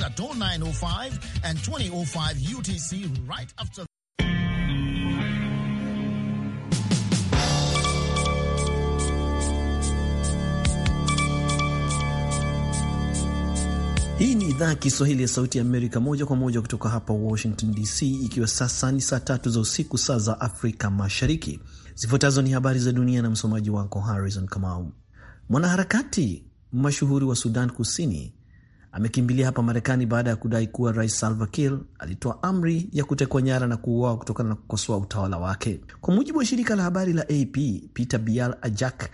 at 0905 and 2005 UTC right after Hii ni idhaa ya Kiswahili ya Sauti ya Amerika, moja kwa moja kutoka hapa Washington DC, ikiwa sasa ni saa tatu za usiku, saa za Afrika Mashariki. Zifuatazo ni habari za dunia na msomaji wako Harrison Kamau. Mwanaharakati mashuhuri wa Sudan Kusini amekimbilia hapa Marekani baada ya kudai kuwa Rais Salva Kiir alitoa amri ya kutekwa nyara na kuuawa kutokana na kukosoa utawala wake. Kwa mujibu wa shirika la habari la AP, Peter Bial Ajak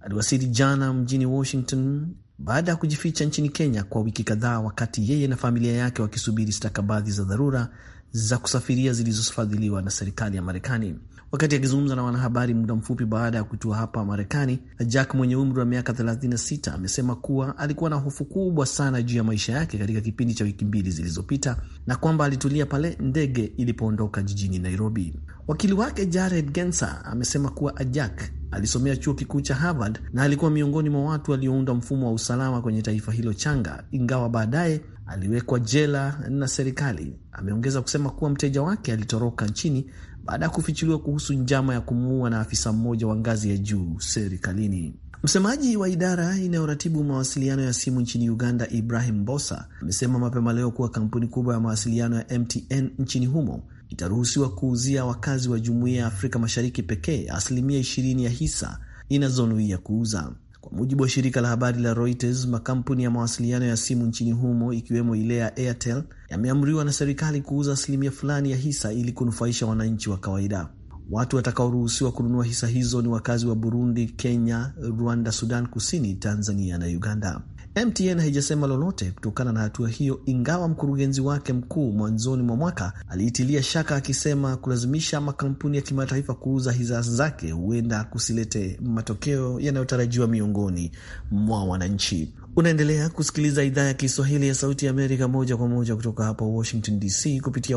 aliwasili jana mjini Washington baada ya kujificha nchini Kenya kwa wiki kadhaa, wakati yeye na familia yake wakisubiri stakabadhi za dharura za kusafiria zilizofadhiliwa na serikali ya Marekani. Wakati akizungumza na wanahabari muda mfupi baada ya kutua hapa Marekani, Jack mwenye umri wa miaka 36 amesema kuwa alikuwa na hofu kubwa sana juu ya maisha yake katika kipindi cha wiki mbili zilizopita na kwamba alitulia pale ndege ilipoondoka jijini Nairobi. Wakili wake Jared gensa amesema kuwa Ajak alisomea chuo kikuu cha Harvard na alikuwa miongoni mwa watu waliounda mfumo wa usalama kwenye taifa hilo changa, ingawa baadaye aliwekwa jela na serikali. Ameongeza kusema kuwa mteja wake alitoroka nchini baada ya kufichuliwa kuhusu njama ya kumuua na afisa mmoja wa ngazi ya juu serikalini. Msemaji wa idara inayoratibu mawasiliano ya simu nchini Uganda, Ibrahim Bosa, amesema mapema leo kuwa kampuni kubwa ya mawasiliano ya MTN nchini humo itaruhusiwa kuuzia wakazi wa jumuiya ya Afrika Mashariki pekee asilimia 20 ya hisa inazonuia kuuza. Kwa mujibu wa shirika la habari la Reuters, makampuni ya mawasiliano ya simu nchini humo ikiwemo ile ya Airtel yameamriwa na serikali kuuza asilimia fulani ya hisa ili kunufaisha wananchi wa kawaida. Watu watakaoruhusiwa kununua hisa hizo ni wakazi wa Burundi, Kenya, Rwanda, Sudan Kusini, Tanzania na Uganda. MTN haijasema lolote kutokana na hatua hiyo, ingawa mkurugenzi wake mkuu mwanzoni mwa mwaka aliitilia shaka akisema kulazimisha makampuni ya kimataifa kuuza hisa zake huenda kusilete matokeo yanayotarajiwa miongoni mwa wananchi. Unaendelea kusikiliza idhaa ya Kiswahili ya Sauti ya Amerika moja kwa moja kutoka hapa Washington DC kupitia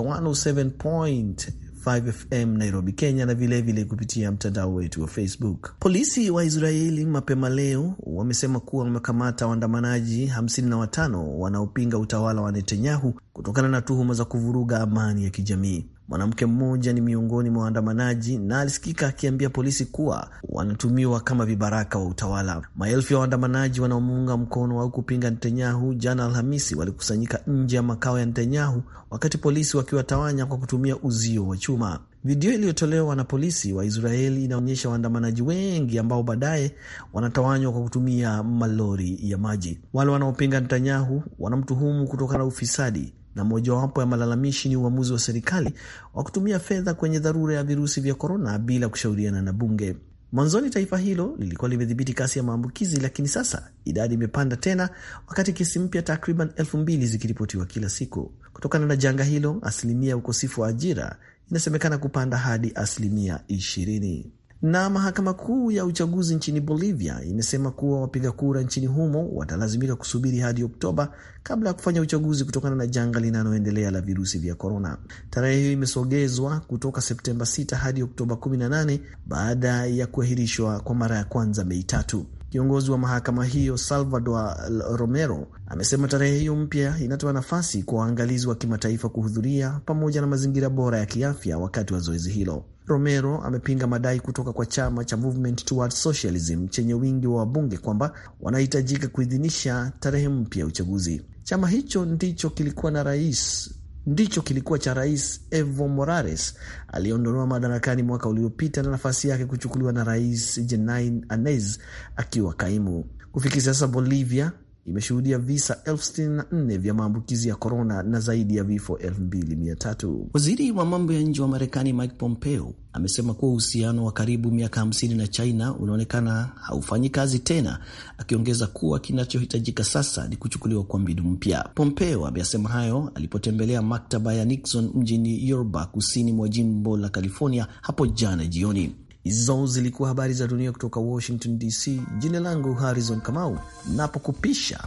5FM Nairobi, Kenya, na vilevile vile kupitia mtandao wetu wa Facebook. Polisi wa Israeli mapema leo wamesema kuwa wamekamata waandamanaji 55 wanaopinga utawala wa Netanyahu kutokana na tuhuma za kuvuruga amani ya kijamii. Mwanamke mmoja ni miongoni mwa waandamanaji na alisikika akiambia polisi kuwa wanatumiwa kama vibaraka wa utawala. Maelfu ya waandamanaji wanaomuunga mkono au kupinga Netanyahu jana Alhamisi walikusanyika nje ya makao ya Netanyahu, wakati polisi wakiwatawanya kwa kutumia uzio wa chuma. Video iliyotolewa na polisi wa Israeli inaonyesha waandamanaji wengi ambao baadaye wanatawanywa kwa kutumia malori ya maji. Wale wanaopinga Netanyahu wanamtuhumu kutokana na ufisadi na mojawapo ya malalamishi ni uamuzi wa serikali wa kutumia fedha kwenye dharura ya virusi vya korona bila kushauriana na bunge. Mwanzoni taifa hilo lilikuwa limedhibiti kasi ya maambukizi, lakini sasa idadi imepanda tena, wakati kesi mpya takriban elfu mbili zikiripotiwa kila siku. Kutokana na janga hilo, asilimia ya ukosifu wa ajira inasemekana kupanda hadi asilimia ishirini. Na mahakama kuu ya uchaguzi nchini Bolivia imesema kuwa wapiga kura nchini humo watalazimika kusubiri hadi Oktoba kabla ya kufanya uchaguzi kutokana na janga linaloendelea la virusi vya korona. Tarehe hiyo imesogezwa kutoka Septemba 6 hadi Oktoba 18 baada ya kuahirishwa kwa mara ya kwanza Mei tatu. Kiongozi wa mahakama hiyo Salvador Romero amesema tarehe hiyo mpya inatoa nafasi kwa waangalizi wa kimataifa kuhudhuria pamoja na mazingira bora ya kiafya wakati wa zoezi hilo. Romero amepinga madai kutoka kwa chama cha Movement Towards Socialism chenye wingi wa wabunge kwamba wanahitajika kuidhinisha tarehe mpya ya uchaguzi. Chama hicho ndicho kilikuwa na rais ndicho kilikuwa cha Rais Evo Morales aliyeondolewa madarakani mwaka uliopita na nafasi yake kuchukuliwa na Rais Jeanine Anez akiwa kaimu. Kufikia sasa Bolivia imeshuhudia visa 4 vya maambukizi ya korona na zaidi ya vifo 23. Waziri wa mambo ya nje wa Marekani Mike Pompeo amesema kuwa uhusiano wa karibu miaka 50 na China unaonekana haufanyi kazi tena, akiongeza kuwa kinachohitajika sasa ni kuchukuliwa kwa mbinu mpya. Pompeo ameyasema hayo alipotembelea maktaba ya Nixon mjini Yorba, kusini mwa jimbo la California hapo jana jioni. Hizo zilikuwa habari za dunia kutoka Washington DC. Jina langu Harrison Kamau, napokupisha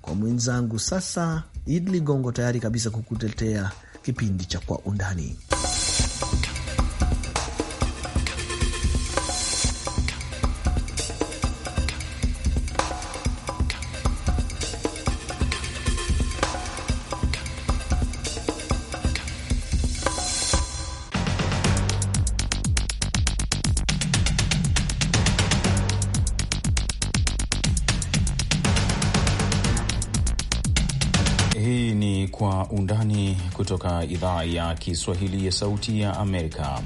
kwa mwenzangu sasa Idli Gongo, tayari kabisa kukutetea kipindi cha Kwa Undani. idhaa ya Kiswahili ya Sauti ya Amerika.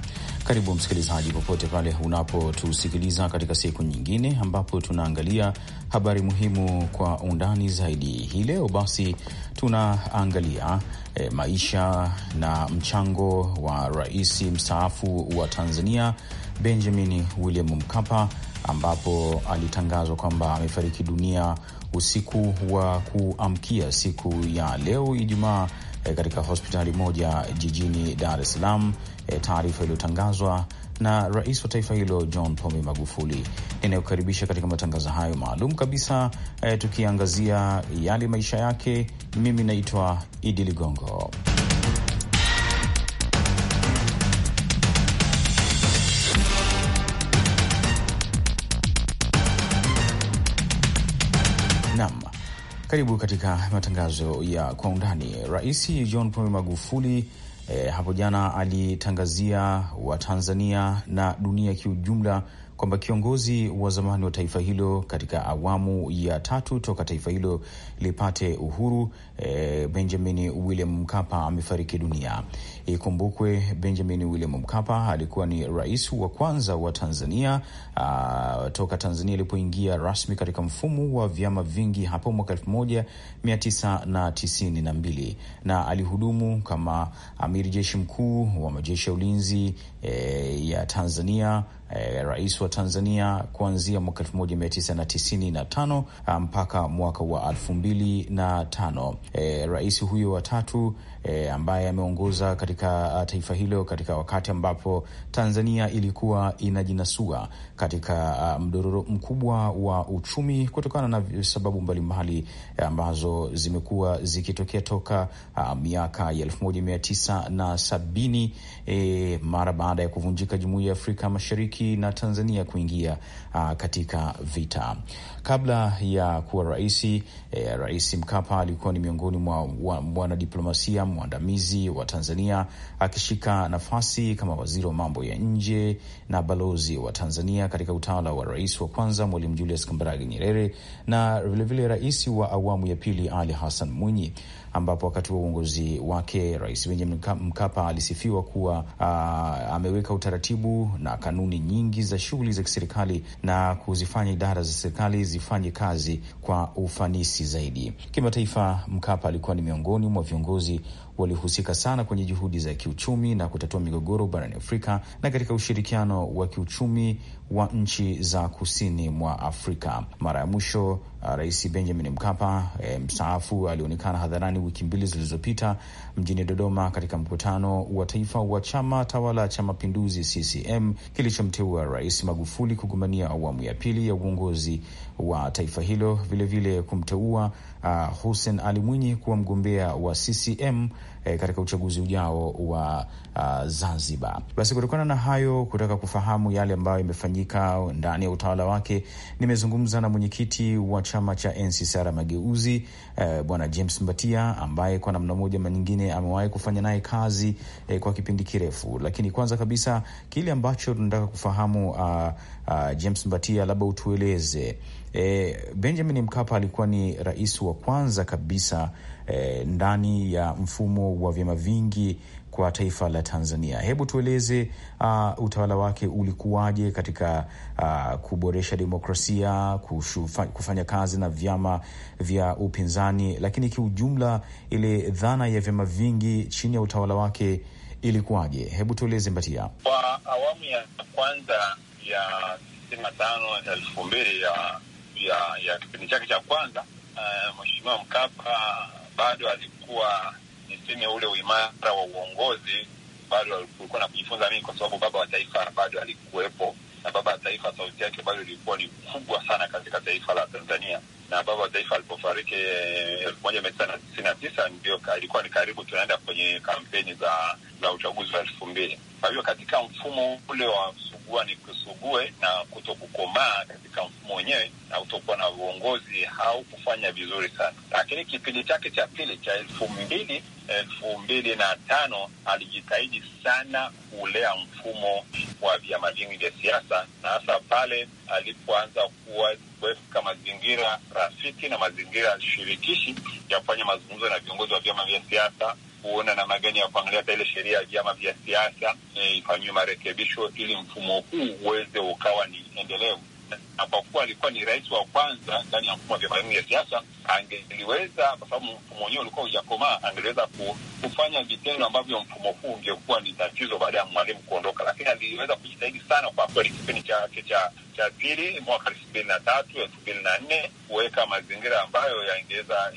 Karibu msikilizaji, popote pale unapotusikiliza katika siku nyingine ambapo tunaangalia habari muhimu kwa undani zaidi. Hii leo basi tunaangalia e, maisha na mchango wa rais mstaafu wa Tanzania Benjamin William Mkapa, ambapo alitangazwa kwamba amefariki dunia usiku wa kuamkia siku ya leo Ijumaa e, katika hospitali moja jijini Dar es Salaam, e, taarifa iliyotangazwa na rais wa taifa hilo John Pombe Magufuli. Ninayokaribisha katika matangazo hayo maalum kabisa, e, tukiangazia yale maisha yake. Mimi naitwa Idi Ligongo. Karibu katika matangazo ya kwa undani. Rais John Pombe Magufuli eh, hapo jana alitangazia Watanzania na dunia kiujumla kwamba kiongozi wa zamani wa taifa hilo katika awamu ya tatu toka taifa hilo lipate uhuru, eh, Benjamin William Mkapa amefariki dunia. Ikumbukwe Benjamin William Mkapa alikuwa ni rais wa kwanza wa Tanzania uh, toka Tanzania ilipoingia rasmi katika mfumo wa vyama vingi hapo mwaka elfu moja mia tisa na tisini na mbili na alihudumu kama amiri jeshi mkuu wa majeshi ya ulinzi e, ya Tanzania. E, rais wa Tanzania kuanzia mwaka 1995 ah, mpaka mwaka wa 2005. E, eh, rais huyo wa tatu e, ambaye ameongoza katika uh, taifa hilo katika wakati ambapo Tanzania ilikuwa inajinasua katika uh, mdororo mkubwa wa uchumi kutokana na sababu mbalimbali ambazo zimekuwa zikitokea toka uh, miaka ya elfu moja mia tisa na sabini e, mara baada ya kuvunjika Jumuiya ya Afrika Mashariki na Tanzania kuingia a, katika vita kabla ya kuwa raisi eh, Rais Mkapa alikuwa ni miongoni mwa wanadiplomasia mwandamizi wa Tanzania, akishika nafasi kama waziri wa mambo ya nje na balozi wa Tanzania katika utawala wa rais wa kwanza Mwalimu Julius Kambarage Nyerere na vilevile rais wa awamu ya pili Ali Hassan Mwinyi ambapo wakati wa uongozi wake Rais Benjamin Mkapa alisifiwa kuwa uh, ameweka utaratibu na kanuni nyingi za shughuli za kiserikali na kuzifanya idara za serikali zifanye kazi kwa ufanisi zaidi. Kimataifa, Mkapa alikuwa ni miongoni mwa viongozi walihusika sana kwenye juhudi za kiuchumi na kutatua migogoro barani Afrika na katika ushirikiano wa kiuchumi wa nchi za kusini mwa Afrika. Mara ya mwisho Rais Benjamin Mkapa e, mstaafu alionekana hadharani wiki mbili zilizopita mjini Dodoma katika mkutano wa taifa wa chama tawala cha mapinduzi CCM kilichomteua Rais Magufuli kugombania awamu ya pili ya uongozi wa taifa hilo, vilevile vile kumteua uh, Hussein Ali Mwinyi kuwa mgombea wa CCM eh, katika uchaguzi ujao wa uh, Zanzibar. Basi kutokana na hayo, kutaka kufahamu yale ambayo imefanyika ndani ya utawala wake, nimezungumza na mwenyekiti wa chama cha NCCR Mageuzi eh, Bwana James Mbatia ambaye kwa namna moja manyingine amewahi kufanya naye kazi eh, kwa kipindi kirefu. Lakini kwanza kabisa kile ambacho tunataka kufahamu uh, uh, James Mbatia, labda utueleze eh, Benjamin Mkapa alikuwa ni rais wa kwanza kabisa eh, ndani ya mfumo wa vyama vingi kwa taifa la Tanzania. Hebu tueleze uh, utawala wake ulikuwaje katika uh, kuboresha demokrasia, kushufa, kufanya kazi na vyama vya upinzani, lakini kiujumla ile dhana ya vyama vingi chini ya utawala wake ilikuwaje? Hebu tueleze Mbatia. Kwa awamu ya kwanza ya sitini tano elfu mbili ya ya, ya kipindi chake cha kwanza uh, Mheshimiwa Mkapa bado alikuwa tuseme ule uimara wa uongozi bado kulikuwa na kujifunza mimi kwa sababu baba wa taifa bado alikuwepo, na baba wa taifa sauti yake bado ilikuwa ni kubwa sana katika taifa la Tanzania. Na baba wa taifa alipofariki eh, elfu moja mia tisa tisini na tisa ndio alikuwa ni karibu tunaenda kwenye kampeni za, za uchaguzi wa elfu mbili kwa hiyo katika mfumo ule wa sugua ni kusugue na kuto kukomaa katika mfumo wenyewe na utokuwa na uongozi au kufanya vizuri sana, lakini kipindi chake cha pili cha elfu mbili elfu mbili na tano alijitahidi sana kulea mfumo wa vyama vingi vya siasa, na hasa pale alipoanza kuwa kuweka mazingira rafiki na mazingira shirikishi ya kufanya mazungumzo na viongozi wa vyama vya siasa kuona namna gani ya kuangalia hata ile sheria ya vyama vya siasa eh, ifanyiwe marekebisho ili mfumo huu uweze ukawa ni endelevu na kwa kuwa alikuwa ni rais wa kwanza ndani ya mfumo wa vyama vya siasa, angeliweza kwa sababu mfumo wenyewe ulikuwa hujakomaa, angeliweza kufanya vitendo ambavyo mfumo huu ungekuwa ni tatizo baada ya Mwalimu kuondoka, lakini aliweza kujitahidi sana kwa kweli kipindi chake cha pili mwaka elfu mbili na tatu elfu mbili na nne kuweka mazingira ambayo yangeweza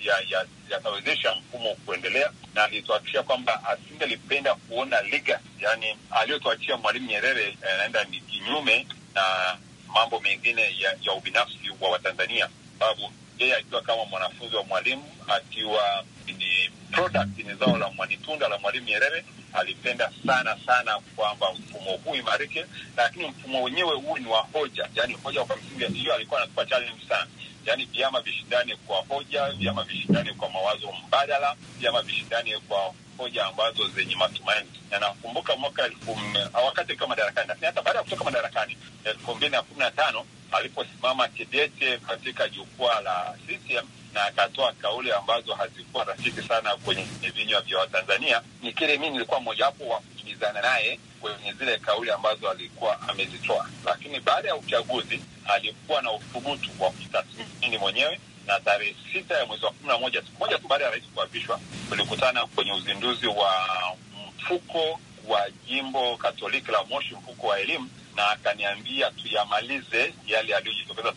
yatawezesha ya, ya mfumo kuendelea, na alituhakikishia kwamba asingelipenda kuona legacy, yani aliyotuachia Mwalimu Nyerere anaenda eh, ni kinyume na mambo mengine ya, ya ubinafsi wa Watanzania, sababu yeye akiwa kama mwanafunzi wa Mwalimu, akiwa ni product, ni zao la mwanitunda la Mwalimu Nyerere, alipenda sana sana kwamba mfumo huu imarike, lakini mfumo wenyewe huu ni wa hoja, yani hoja kwa msingi. Ndiyo alikuwa anatupa challenge sana yaani vyama vishindane kwa hoja, vyama vishindane kwa mawazo mbadala, vyama vishindane kwa hoja ambazo zenye matumaini. Na nakumbuka mwaka elfu wakati akiwa madarakani, lakini hata baada ya kutoka madarakani elfu mbili na kumi na tano aliposimama kidete katika jukwaa la CCM na akatoa kauli ambazo hazikuwa rafiki sana kwenye vinywa vya Watanzania, ni kile mi nilikuwa mojawapo wa kuhimizana naye kwenye zile kauli ambazo alikuwa amezitoa, lakini baada ya uchaguzi aliyekuwa na uthubutu wa kujitathmini mwenyewe na tarehe sita ya mwezi wa kumi na moja, siku moja tu baada ya rais kuapishwa, tulikutana kwenye uzinduzi wa mfuko wa jimbo Katoliki la Moshi, mfuko wa elimu, na akaniambia tuyamalize yale yaliyojitokeza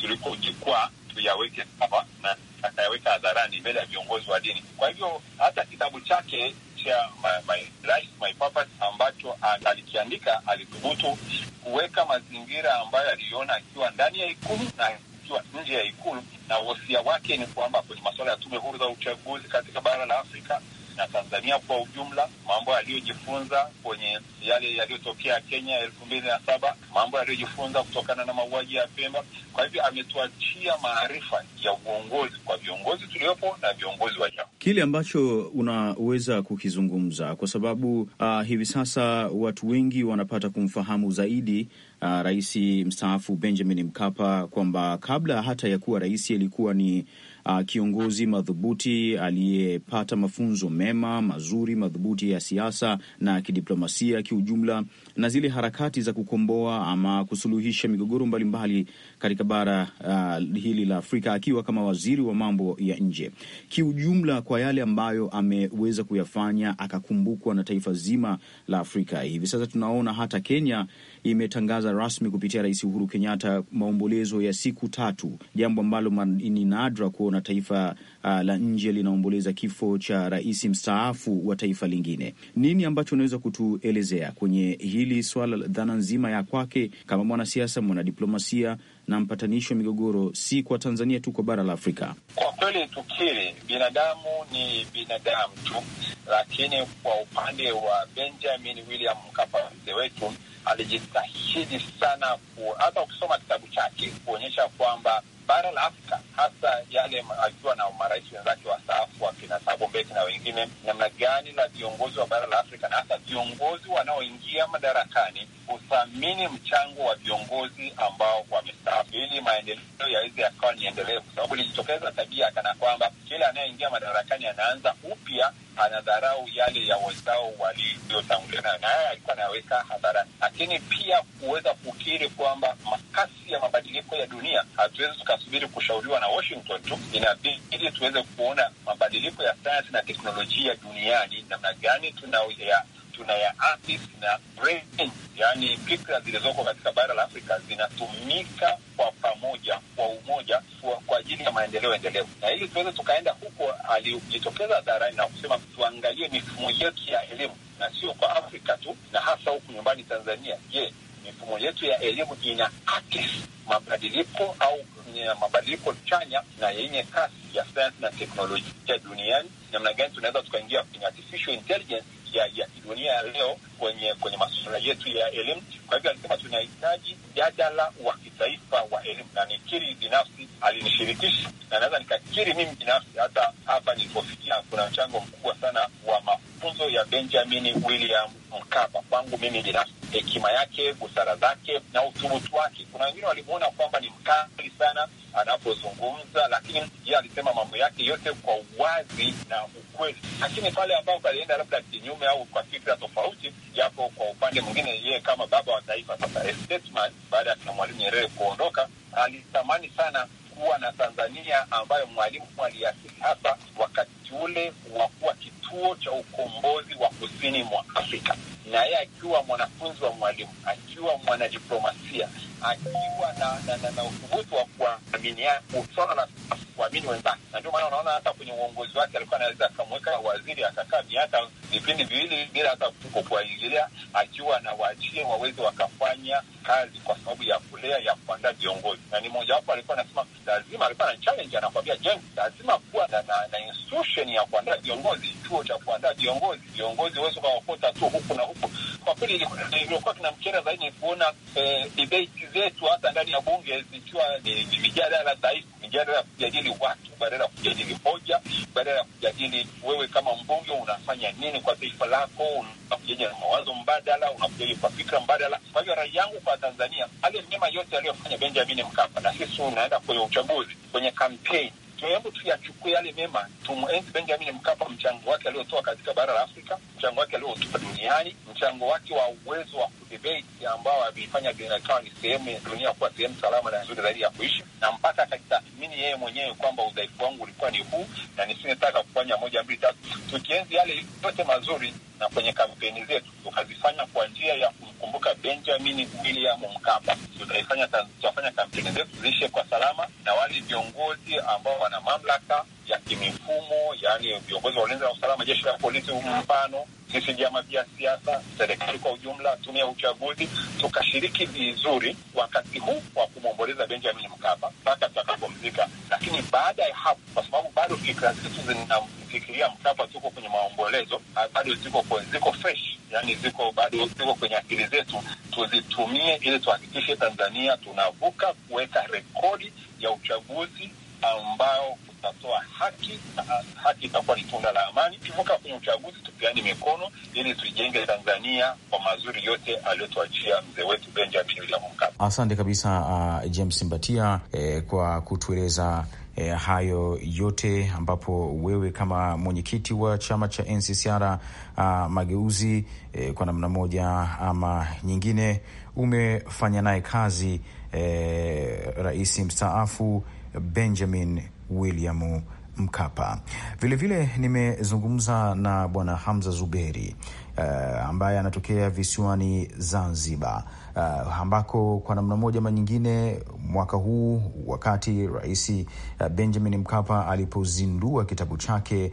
tulikojikwaa, tuyaweke sawa na akayaweka hadharani mbele ya viongozi wa dini. Kwa hivyo hata kitabu chake kupitia my, my life, my purpose ambacho alikiandika, alithubutu kuweka mazingira ambayo aliona akiwa ndani ya Ikulu na akiwa nje ya Ikulu, na wosia wake ni kwamba kwenye masuala ya tume huru za uchaguzi katika bara la Afrika na Tanzania kwa ujumla, mambo yaliyojifunza kwenye yale yaliyotokea Kenya elfu mbili na saba, mambo yaliyojifunza kutokana na mauaji ya Pemba. Kwa hivyo ametuachia maarifa ya uongozi kwa viongozi tuliopo na viongozi wajao, kile ambacho unaweza kukizungumza, kwa sababu uh, hivi sasa watu wengi wanapata kumfahamu zaidi uh, rais mstaafu Benjamin Mkapa kwamba kabla hata ya kuwa rais alikuwa ni uh, kiongozi madhubuti aliyepata mafunzo mema mazuri madhubuti ya siasa na kidiplomasia kiujumla, na zile harakati za kukomboa ama kusuluhisha migogoro mbalimbali katika bara uh, hili la Afrika akiwa kama waziri wa mambo ya nje kiujumla, kwa yale ambayo ameweza kuyafanya akakumbukwa na taifa zima la Afrika. Hivi sasa tunaona hata Kenya imetangaza rasmi kupitia Rais Uhuru Kenyatta maombolezo ya siku tatu, jambo ambalo ni nadra kuona taifa uh, la nje linaomboleza kifo cha rais mstaafu wa taifa lingine. Nini ambacho unaweza kutuelezea kwenye hili swala, dhana nzima ya kwake kama mwanasiasa, mwanadiplomasia na mpatanishi wa migogoro, si kwa Tanzania tu, kwa bara la Afrika. Kwa kweli tukiri, binadamu ni binadamu tu, lakini kwa upande wa Benjamin William Mkapa mzee wetu alijitahidi sana ku, hata ukisoma kitabu chake kuonyesha kwamba bara la Afrika hasa yale akiwa na marais wenzake wastaafu wakina Thabo Mbeki na wengine, namna gani la viongozi wa bara la Afrika na hasa viongozi wanaoingia madarakani huthamini mchango wa viongozi ambao wamestaafu, ili maendeleo yaweze yakawa ni endelevu, kwa sababu ilijitokeza tabia kana kwamba kila anayeingia madarakani anaanza upya, anadharau yale ya wenzao waliotangulia nayo, na haya alikuwa anaweka hadharani lakini pia kuweza kukiri kwamba makasi ya mabadiliko ya dunia hatuwezi tukasubiri kushauriwa na Washington tu, inabidi tuweze kuona mabadiliko ya sayansi na teknolojia duniani namna gani tunaoya tuna ya artist na brain, yani fikra zilizoko katika bara la Afrika zinatumika kwa pamoja, kwa umoja, kwa ajili ya maendeleo endelevu. Na ili tuweze tukaenda huko, alijitokeza hadharani na kusema tuangalie mifumo yetu ya elimu, na sio kwa Afrika tu, na hasa huku nyumbani Tanzania. Je, mifumo yetu ya elimu ina artist mabadiliko au mabadiliko chanya na yenye kasi ya sayansi na teknolojia duniani? Namna gani tunaweza tukaingia kwenye artificial intelligence ya, ya kidunia ya leo kwenye kwenye masuala yetu ya elimu. Kwa hivyo alisema tunahitaji mjadala wa kitaifa wa elimu, na nikiri binafsi alinishirikisha, na naweza nikakiri mimi binafsi hata hapa nilipofikia, kuna mchango mkubwa sana wa mafu mafunzo ya Benjamin William Mkapa. Kwangu mimi binafsi, hekima yake, busara zake na uthubutu wake, kuna wengine walimwona kwamba ni mkali sana anapozungumza, lakini yeye alisema mambo yake yote kwa uwazi na ukweli. Lakini pale ambapo alienda labda kinyume au kwa fikra tofauti, yapo kwa upande mwingine, yeye kama baba wa taifa sasa statesman, baada ya kina Mwalimu Nyerere kuondoka, alitamani sana kuwa na Tanzania ambayo Mwalimu aliasili hasa wakati wakati ule wa kuwa kituo cha ukombozi wa kusini mwa Afrika, na yeye akiwa mwanafunzi wa Mwalimu, akiwa mwanadiplomasia, akiwa na, na, na, na uthubutu wa kuaminiana, kusona na kuamini wenzake. Na ndio maana unaona hata kwenye uongozi wake alikuwa anaweza akamweka waziri akakaa miaka vipindi viwili bila hata kuwaingilia, akiwa na anawaachia waweze wakafanya kazi, kwa sababu ya kulea ya kuandaa viongozi. Na ni mojawapo alikuwa anasema lazima, alikuwa na challenge, anakwambia James, lazima kuwa na, na, na institution ya kuandaa viongozi, chuo cha kuandaa viongozi. Viongozi huwezi ukawakota tu huku na huku. Kwa kweli ilikuwa kinamkera zaidi ni kuona eh, debate zetu hata ndani ya bunge zikiwa ni mijadala dhaifu, mijadala ya kujadili watu badala ya kujadili hoja, badala ya kujadili wewe kama mbunge unafanya nini kwa taifa lako, unakujaja na mawazo mbadala, unakujaja kwa fikra mbadala. Kwa hiyo rai yangu kwa Tanzania, ale mnyema yote aliyofanya Benjamin Mkapa na sisi unaenda kwenye uchaguzi, kwenye kampeni hebu tuyachukue yale mema, tumuenzi Benjamin Mkapa, mchango wake aliotoa katika bara la Afrika, mchango wake aliotupa duniani, mchango wake wa uwezo wa kudebate ambao ameifanya dunia ikawa ni sehemu ya dunia kuwa sehemu salama na nzuri zaidi ya kuishi, na mpaka akajitathmini yeye mwenyewe kwamba udhaifu wangu ulikuwa ni huu na nisingetaka kufanya moja mbili tatu. Tukienzi yale yote mazuri na kwenye kampeni zetu tukazifanya kwa njia ya kumkumbuka Benjamin William Mkapa, tutafanya kampeni zetu ziishe kwa salama na wale viongozi ambao wana mamlaka ya kimifumo, yaani viongozi wa ulinzi na usalama, jeshi la polisi, mfano sisi vyama vya siasa, serikali kwa ujumla, tumia uchaguzi, tukashiriki vizuri wakati huu wa kumwomboleza Benjamin Mkapa mpaka tutakapomzika. Lakini baada ya hapo, kwa sababu bado fikra zetu zinamfikiria Mkapa, tuko kwenye maombolezo bado, ziko ziko fresh, yani ziko bado ziko kwenye akili zetu, tuzitumie ili tuhakikishe Tanzania tunavuka kuweka rekodi ya uchaguzi ambao utatoa haki na haki itakuwa ni tunda la amani. Tuvuka kwenye uchaguzi, tupiane mikono ili tuijenge Tanzania kwa mazuri yote aliyotuachia mzee wetu Benjamin William Mkapa. Asante kabisa, uh, James Mbatia eh, kwa kutueleza E, hayo yote ambapo wewe kama mwenyekiti wa chama cha NCCR uh, Mageuzi e, kwa namna moja ama nyingine umefanya naye kazi e, rais mstaafu Benjamin William Mkapa. Vilevile nimezungumza na Bwana Hamza Zuberi uh, ambaye anatokea visiwani Zanzibar uh, ambako kwa namna moja ama nyingine mwaka huu wakati Rais uh, Benjamin Mkapa alipozindua kitabu chake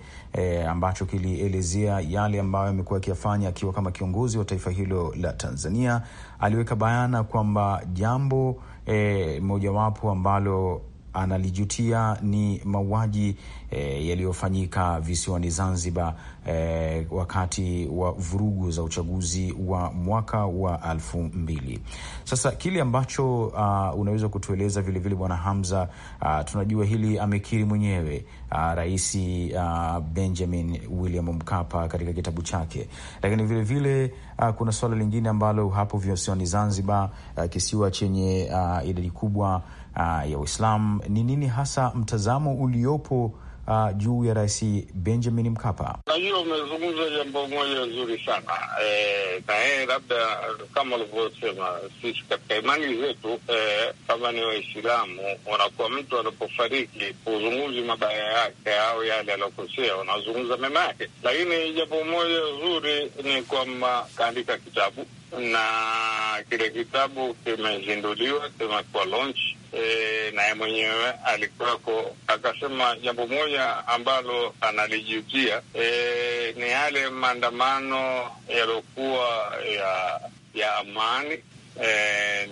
uh, ambacho kilielezea yale ambayo amekuwa akiyafanya akiwa kama kiongozi wa taifa hilo la Tanzania, aliweka bayana kwamba jambo eh, mojawapo ambalo analijutia ni mauaji e, yaliyofanyika visiwani Zanzibar e, wakati wa vurugu za uchaguzi wa mwaka wa elfu mbili. Sasa kile ambacho uh, unaweza kutueleza vilevile Bwana Hamza, uh, tunajua hili amekiri mwenyewe uh, Rais uh, Benjamin William Mkapa katika kitabu chake, lakini vilevile uh, kuna suala lingine ambalo hapo visiwani Zanzibar, uh, kisiwa chenye uh, idadi kubwa uh, ya Waislamu, ni nini hasa mtazamo uliopo uh, juu ya Rais Benjamin Mkapa. hiyo umezungumza jambo moja nzuri sana e, na yeye labda kama ulivyosema, sisi katika imani zetu e, kama ni Waislamu wanakuwa mtu anapofariki kuzungumzi mabaya yake au yale aliyokosea, wanazungumza mema yake, lakini jambo moja zuri ni kwamba kaandika kitabu na kile kitabu kimezinduliwa, kimekuwa launch e, naye mwenyewe alikuwako, akasema jambo moja ambalo analijutia e, ni yale maandamano yaliokuwa ya ya amani e,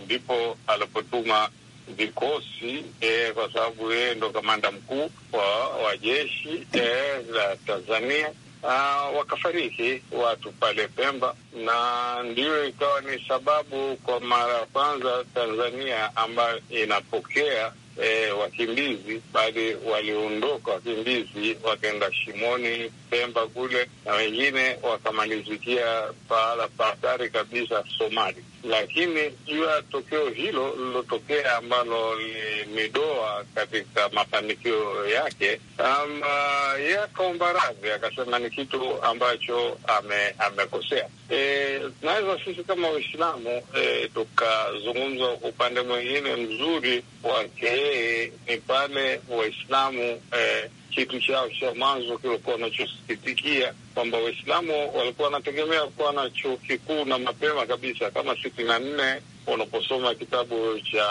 ndipo alipotuma vikosi e, kwa sababu yeye ndo kamanda mkuu wa, wa jeshi e, la Tanzania uh, wakafariki watu pale Pemba, na ndiyo ikawa ni sababu kwa mara ya kwanza Tanzania ambayo inapokea E, wakimbizi bali waliondoka wakimbizi wakaenda Shimoni, Pemba kule, na wengine wakamalizikia pahala pa hatari kabisa Somali lakini jua tokeo hilo lilotokea ambalo limidoa katika mafanikio yake, um, uh, yeye akaomba radhi, akasema ni kitu ambacho ame, amekosea. E, naweza sisi kama Waislamu e, tukazungumza upande mwingine mzuri wake ni pale Waislamu e, kitu chao cha mwanzo kilikuwa wanachosikitikia kwamba Waislamu walikuwa wanategemea kuwa na chuo kikuu na mapema kabisa, kama sitini na nne unaposoma kitabu cha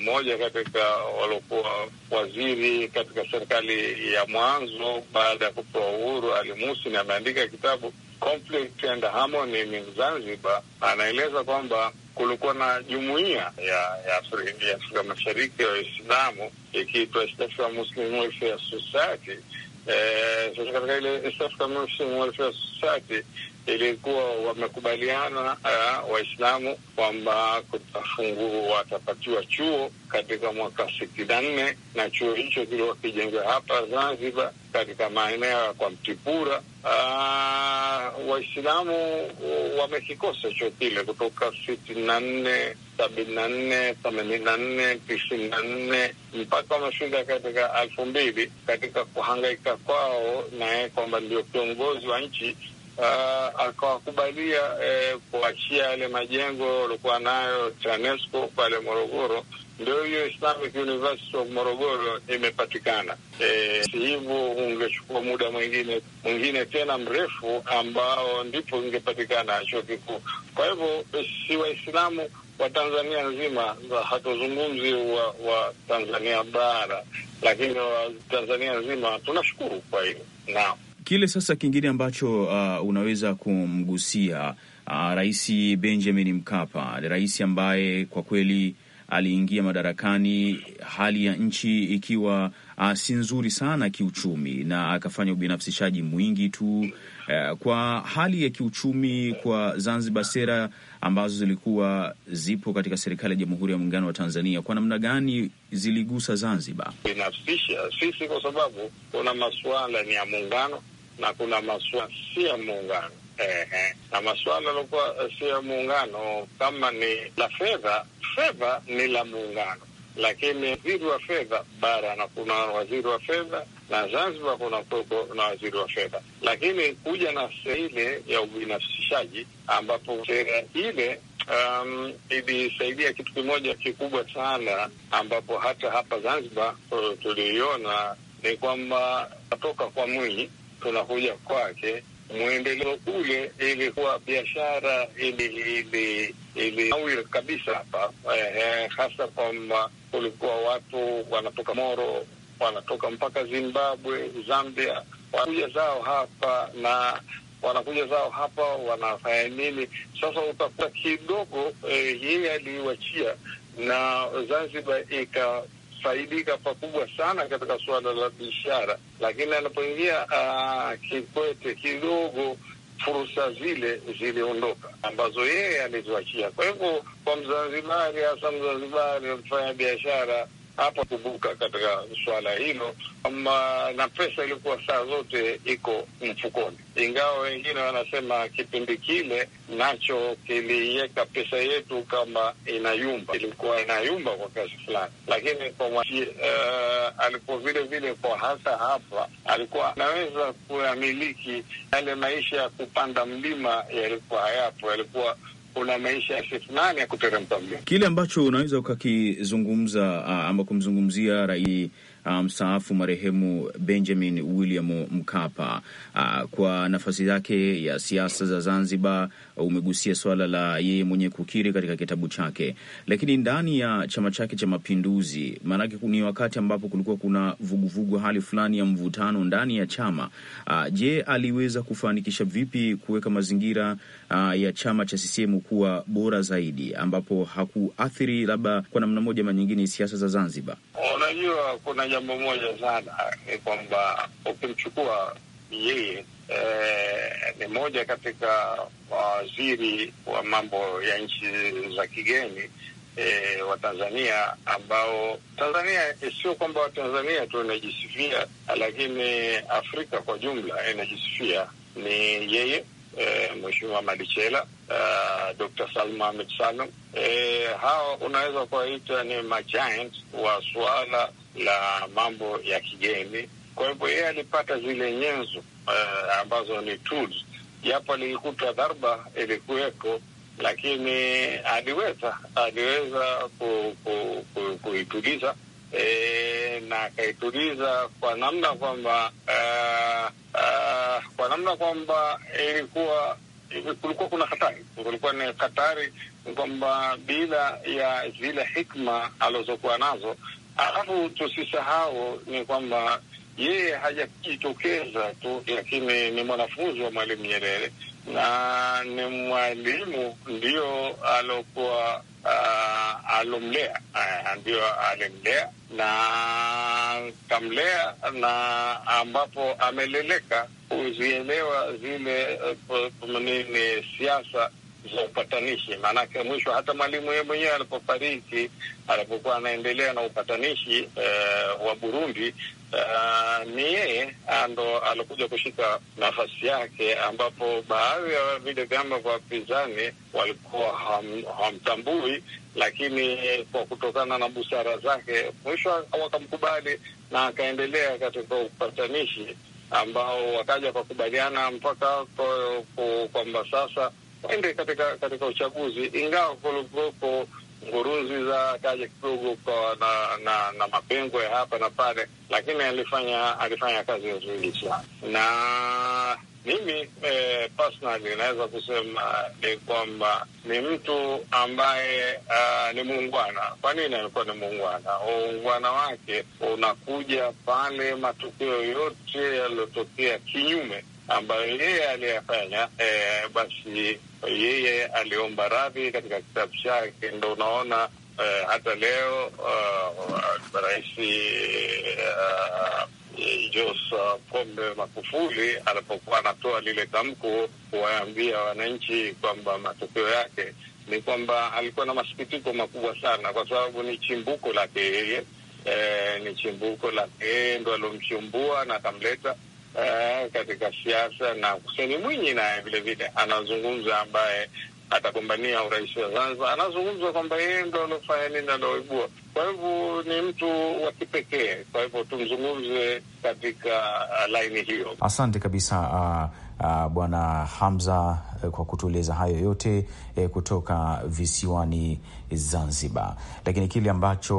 mmoja katika waliokuwa waziri katika serikali ya mwanzo baada ya kupewa uhuru, Ali Musini ameandika kitabu Conflict and Harmony in Zanzibar, anaeleza kwamba kulikuwa na jumuiya ya Afrika ya Afrika Mashariki ya Waislamu ikiitwa East Africa Muslim Welfare Society. Eh, sasa katika ile East Africa Muslim Welfare Society ilikuwa wamekubaliana uh, Waislamu kwamba kutafungu watapatiwa chuo katika mwaka sitini na nne na chuo hicho kilikuwa kijengwa hapa Zanzibar katika maeneo ya kwa Mtipura. Uh, Waislamu wamekikosa chuo kile kutoka sitini na nne sabini na nne themanini na nne tisini na nne mpaka wameshinda katika elfu mbili katika kuhangaika kwao naye kwamba ndio kiongozi wa nchi uh, akawakubalia eh, kuachia yale majengo waliokuwa nayo TANESCO pale Morogoro. Ndio hiyo Islamic University of Morogoro imepatikana. Eh, si hivyo ungechukua muda mwingine mwingine tena mrefu, ambao ndipo ingepatikana chuo kikuu. Kwa hivyo eh, si Waislamu wa Tanzania nzima, hatuzungumzi wa, wa Tanzania bara, lakini wa Tanzania nzima tunashukuru kwa hiyo, naam. Kile sasa kingine ambacho uh, unaweza kumgusia uh, Rais Benjamin Mkapa, rais ambaye kwa kweli aliingia madarakani hali ya nchi ikiwa uh, si nzuri sana kiuchumi, na akafanya ubinafsishaji mwingi tu Eh, kwa hali ya kiuchumi kwa Zanzibar, sera ambazo zilikuwa zipo katika serikali ya Jamhuri ya Muungano wa Tanzania kwa namna gani ziligusa Zanzibar? Binafsisha sisi kwa sababu kuna masuala ni ya muungano na kuna masuala si ya muungano eh, eh. Na masuala yaliokuwa eh, si ya muungano kama ni la fedha, fedha ni la muungano, lakini waziri wa fedha bara na kuna waziri wa fedha na Zanzibar kuna kuwepo na waziri wa fedha, lakini kuja na ile ya ubinafsishaji ambapo sheria ile Um, ilisaidia kitu kimoja kikubwa sana ambapo hata hapa Zanzibar uh, tuliiona ni kwamba atoka kwa Mwinyi tunakuja kwake, mwendeleo ule ilikuwa biashara ili ili kabisa hapa eh, eh, hasa kwamba kulikuwa watu wanatoka Moro wanatoka mpaka Zimbabwe, Zambia, wanakuja zao hapa na wanakuja zao hapa wanafanya nini? Sasa utakuta kidogo eh, yeye aliiwachia na Zanzibar ikafaidika pakubwa sana katika suala la biashara, lakini anapoingia ah, Kikwete kidogo fursa zile ziliondoka ambazo yeye aliziwachia. Kwa hivyo, kwa Mzanzibari, hasa Mzanzibari mfanya biashara hapa Kumbuka katika suala hilo ama na pesa ilikuwa saa zote iko mfukoni, ingawa wengine wanasema kipindi kile nacho kiliiweka pesa yetu kama inayumba, ilikuwa inayumba kwa kiasi fulani, lakini kwa uh, alikuwa vile vile kwa hasa hapa alikuwa anaweza kuyamiliki yale maisha ya kupanda mlima, yalikuwa hayapo, yalikuwa kuna maisha yasi fulani ya kuteremka mle. Kile ambacho unaweza ukakizungumza ah, ama kumzungumzia rai ah, mstaafu um, marehemu Benjamin William Mkapa uh, kwa nafasi yake ya siasa za Zanzibar umegusia swala la yeye mwenye kukiri katika kitabu chake, lakini ndani ya chama chake cha Mapinduzi, maanake ni wakati ambapo kulikuwa kuna vuguvugu vugu, hali fulani ya mvutano ndani ya chama uh, je, aliweza kufanikisha vipi kuweka mazingira uh, ya chama cha CCM kuwa bora zaidi, ambapo hakuathiri labda kwa namna moja ama nyingine siasa za Zanzibar? Unajua, kuna jambo moja sana ni kwamba ukimchukua yeye eh, ni moja katika ah, waziri wa mambo ya nchi za kigeni eh, wa Tanzania ambao Tanzania eh, sio kwamba Watanzania tu inajisifia, lakini Afrika kwa jumla inajisifia ni yeye eh, Mheshimiwa Madichela Uh, ah, Dr. Salma Ahmed Salum eh, hawa unaweza kuwaita ni magiant wa suala la mambo ya kigeni. Kwa hivyo yeye alipata zile nyenzo uh, ambazo ni tools. Japo alikuta dharba ilikuweko, lakini aliweza aliweza ku, ku, ku, kuituliza e, na akaituliza kwa namna kwamba uh, uh, kwa namna kwamba ilikuwa kulikuwa kuna hatari, kulikuwa ni hatari kwamba bila ya zile hikma alizokuwa nazo. Alafu tusisahau ni kwamba yeye hajajitokeza tu, lakini ni mwanafunzi wa Mwalimu Nyerere na ni mwalimu ndio alokuwa uh, ah, alomlea uh, ndio alimlea na kamlea na ambapo ameleleka kuzielewa zile uh, eh, nini siasa za upatanishi. Maanake mwisho hata mwalimu yeye mwenyewe alipofariki, alipokuwa anaendelea na upatanishi uh, wa Burundi Ah, ni yeye ndo alikuja kushika nafasi yake, ambapo baadhi ya vile vyama vya wapinzani walikuwa hawamtambui ham, lakini kwa kutokana na busara zake mwisho wakamkubali na akaendelea katika upatanishi ambao wakaja wakakubaliana mpaka kwamba sasa waende katika, katika uchaguzi ingawa kulikuwepo za akaja kidogo kwa na, na, na mapengo ya hapa na pale, lakini alifanya alifanya kazi nzuri sana na mimi eh, personally naweza kusema eh, ni kwamba ni mtu ambaye uh, ni muungwana. Kwa nini alikuwa ni muungwana? Uungwana wake unakuja pale matukio yote yaliyotokea kinyume ambayo yeye aliyafanya e, basi yeye aliomba radhi katika kitabu chake. Ndo unaona e, hata leo uh, rais uh, Joseph Pombe Magufuli alipokuwa anatoa lile tamko kuwaambia wananchi kwamba matokeo yake ni kwamba alikuwa na masikitiko makubwa sana, kwa sababu ni chimbuko lake yeye, e, ni chimbuko lake yeye, ndo aliomchumbua na akamleta Eh, katika siasa na Huseni Mwinyi naye vilevile anazungumza, ambaye atagombania urais wa Zanzibar, anazungumza kwamba yeye ndo aliofanya nini, aloibua Kwa hivyo ni mtu wa kipekee, kwa hivyo tumzungumze katika uh, laini hiyo. Asante kabisa uh... Uh, Bwana Hamza eh, kwa kutueleza hayo yote uh, kutoka visiwani Zanzibar, lakini kile ambacho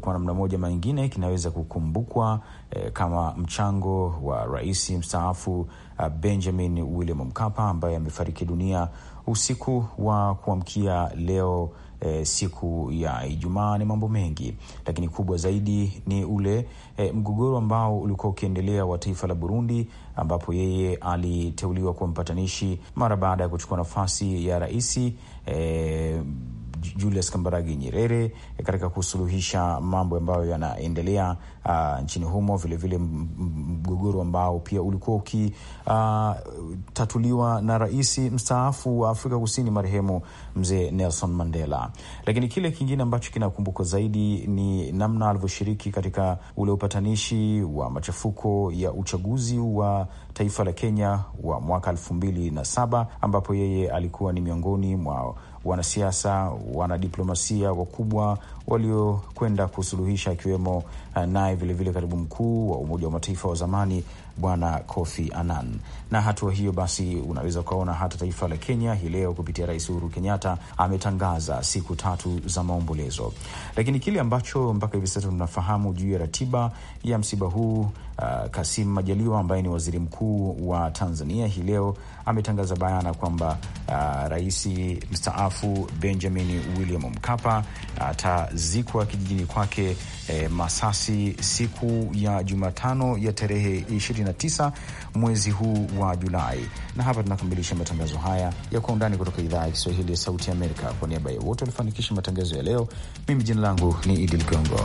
kwa namna moja ama nyingine kinaweza kukumbukwa eh, kama mchango wa rais mstaafu eh, Benjamin William Mkapa ambaye amefariki dunia usiku wa kuamkia leo eh, siku ya Ijumaa. Ni mambo mengi, lakini kubwa zaidi ni ule eh, mgogoro ambao ulikuwa ukiendelea wa taifa la Burundi, ambapo yeye aliteuliwa kuwa mpatanishi mara baada ya kuchukua nafasi ya raisi eh, Julius Kambarage Nyerere eh, katika kusuluhisha mambo ambayo yanaendelea uh, nchini humo, vilevile mgogoro ambao pia ulikuwa ukitatuliwa ah, uh, na rais mstaafu wa Afrika Kusini marehemu mzee Nelson Mandela. Lakini kile kingine ambacho kinakumbukwa zaidi ni namna alivyoshiriki katika ule upatanishi wa machafuko ya uchaguzi wa taifa la Kenya wa mwaka elfu mbili na saba ambapo yeye alikuwa ni miongoni mwa wanasiasa, wanadiplomasia wakubwa waliokwenda kusuluhisha, akiwemo eh, naye vilevile katibu mkuu wa Umoja wa Mataifa wa zamani Bwana Kofi Annan. Na hatua hiyo basi, unaweza ukaona hata taifa la Kenya hii leo kupitia Rais Uhuru Kenyatta ametangaza siku tatu za maombolezo, lakini kile ambacho mpaka hivi sasa tunafahamu juu ya ratiba ya msiba huu Uh, Kasim Majaliwa ambaye ni waziri mkuu wa Tanzania hii leo ametangaza bayana kwamba uh, rais mstaafu Benjamin William Mkapa atazikwa uh, kijijini kwake eh, Masasi siku ya Jumatano ya tarehe 29 mwezi huu wa Julai. Na hapa tunakamilisha matangazo haya ya kwa undani kutoka idhaa ya Kiswahili ya Sauti ya Amerika. Kwa niaba ya wote walifanikisha matangazo ya leo, mimi jina langu ni Idi Ligongo.